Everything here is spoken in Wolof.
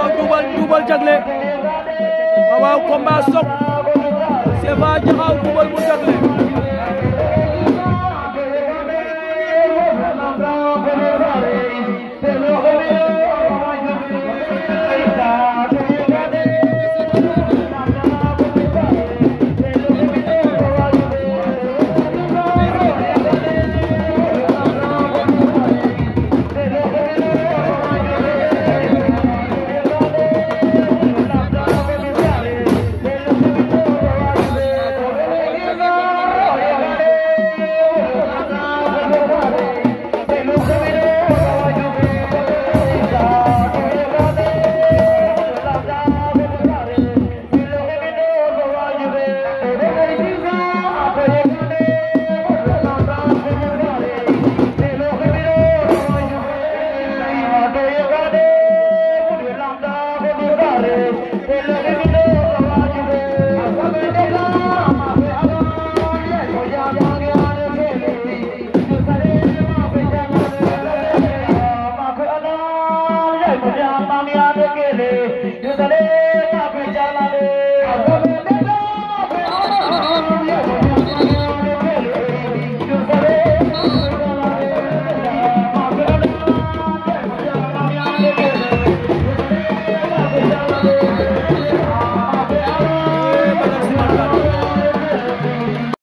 numéro Double Double Diaglé waaw combat Sokh Seva Diakhao Double bu Diaglé